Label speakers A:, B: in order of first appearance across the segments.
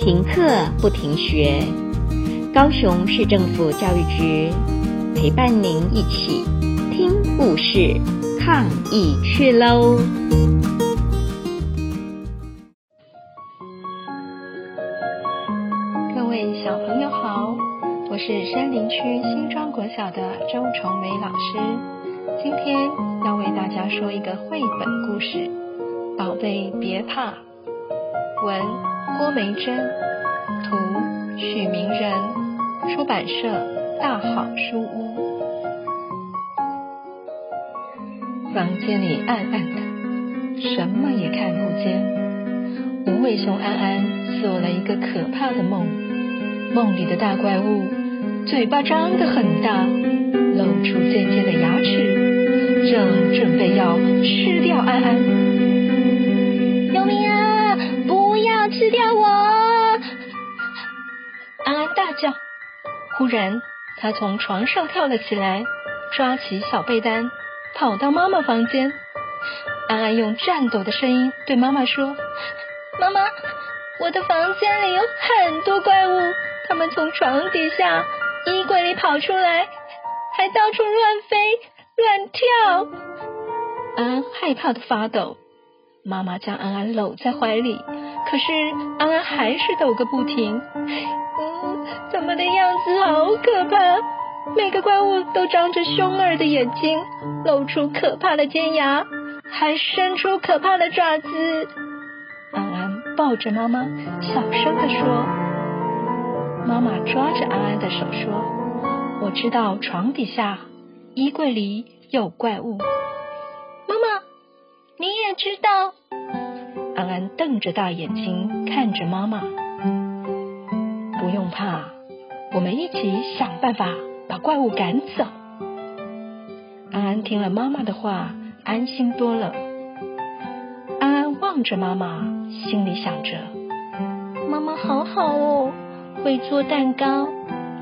A: 停課不停學，高雄市政府教育局陪伴您一起聽故事、抗疫趣嘍！各位小朋友好，我是杉林區新莊國小的周崇梅老師，今天要為大家說一個繪本故事，《寶貝別怕》。文。郭梅珍，圖許明仁，出版社大好書屋。房間裡暗暗的，什麼也看不見。無尾熊安安做了一個可怕的夢，夢裡的大怪物嘴巴張得很大，露出尖尖的牙齒，正準備要吃掉安安。叫！忽然，他從床上跳了起來，抓起小被單，跑到媽媽房間。安安用顫抖的聲音對媽媽說：“媽媽，我的房間裡有很多怪物，他們從床底下、衣櫃裡跑出來，還到處亂飛、亂跳。”安安害怕的發抖。媽媽將安安摟在懷裡，可是安安還是抖個不停。嗯，怎麼的樣子好可怕！每個怪物都張着兇惡的眼睛，露出可怕的尖牙，還伸出可怕的爪子。安安抱着媽媽，小聲地說。媽媽抓着安安的手說，我知道床底下、衣櫃裡有怪物。你也知道，安安瞪着大眼睛看着媽媽。不用怕，我們一起想辦法把怪物趕走。安安聽了媽媽的話，安心多了。安安望着媽媽，心裡想着：媽媽好好哦，會做蛋糕，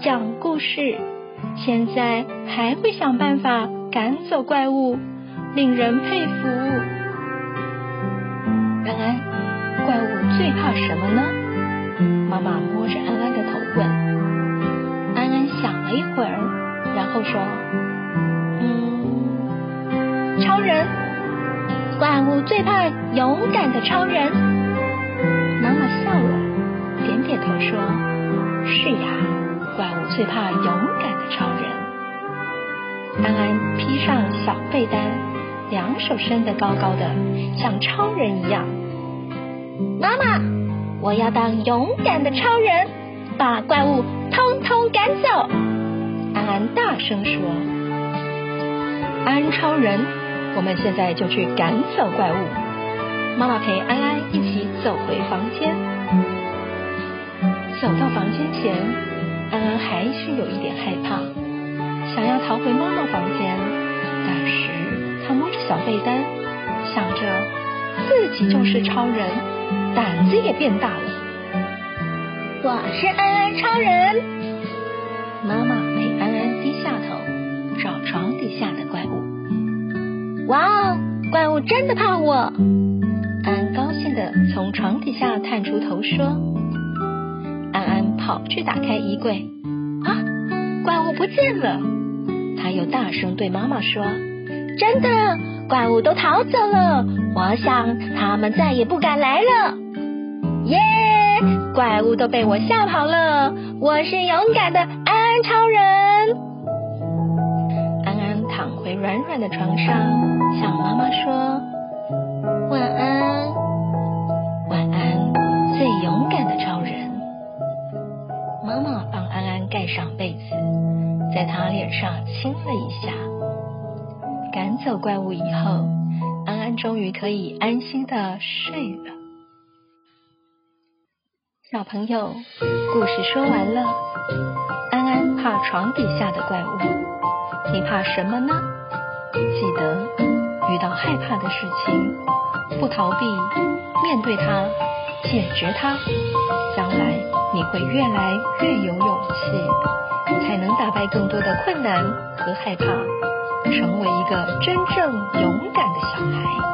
A: 講故事，現在還會想辦法趕走怪物，令人佩服。安安，怪物最怕什麼呢？媽媽摸着安安的頭問。安安想了一會兒，然後說：“嗯，超人，怪物最怕勇敢的超人。”媽媽笑了，點點頭說：“是呀，怪物最怕勇敢的超人。”安安披上小被單，兩手伸得高高的，像超人一樣。媽媽，我要當勇敢的超人，把怪物通通趕走。安安大聲說：“安超人，我們現在就去趕走怪物。”媽媽陪安安一起走回房間。走到房間前，安安還是有一點害怕，想要逃回媽媽房間，但是他摸着小被單，想着自己就是超人。膽子也變大了。我是安安超人。媽媽陪安安低下頭找床底下的怪物。哇哦，怪物真的怕我！安安高興地從床底下探出頭說：“安安跑去打開衣櫃，啊，怪物不見了！”他又大聲對媽媽說：“真的，怪物都逃走了，我想他們再也不敢來了。”怪物都被我嚇跑了，我是勇敢的安安超人。安安躺回軟軟的床上，向媽媽說：“晚安，晚安，最勇敢的超人。”媽媽幫安安蓋上被子，在他臉上親了一下。趕走怪物以後，安安終於可以安心的睡了。小朋友，故事說完了。安安怕床底下的怪物，你怕什麼呢？記得遇到害怕的事情，不逃避，面對它，解決它，將來你會越來越有勇氣，才能打敗更多的困難和害怕，成為一個真正勇敢的小孩。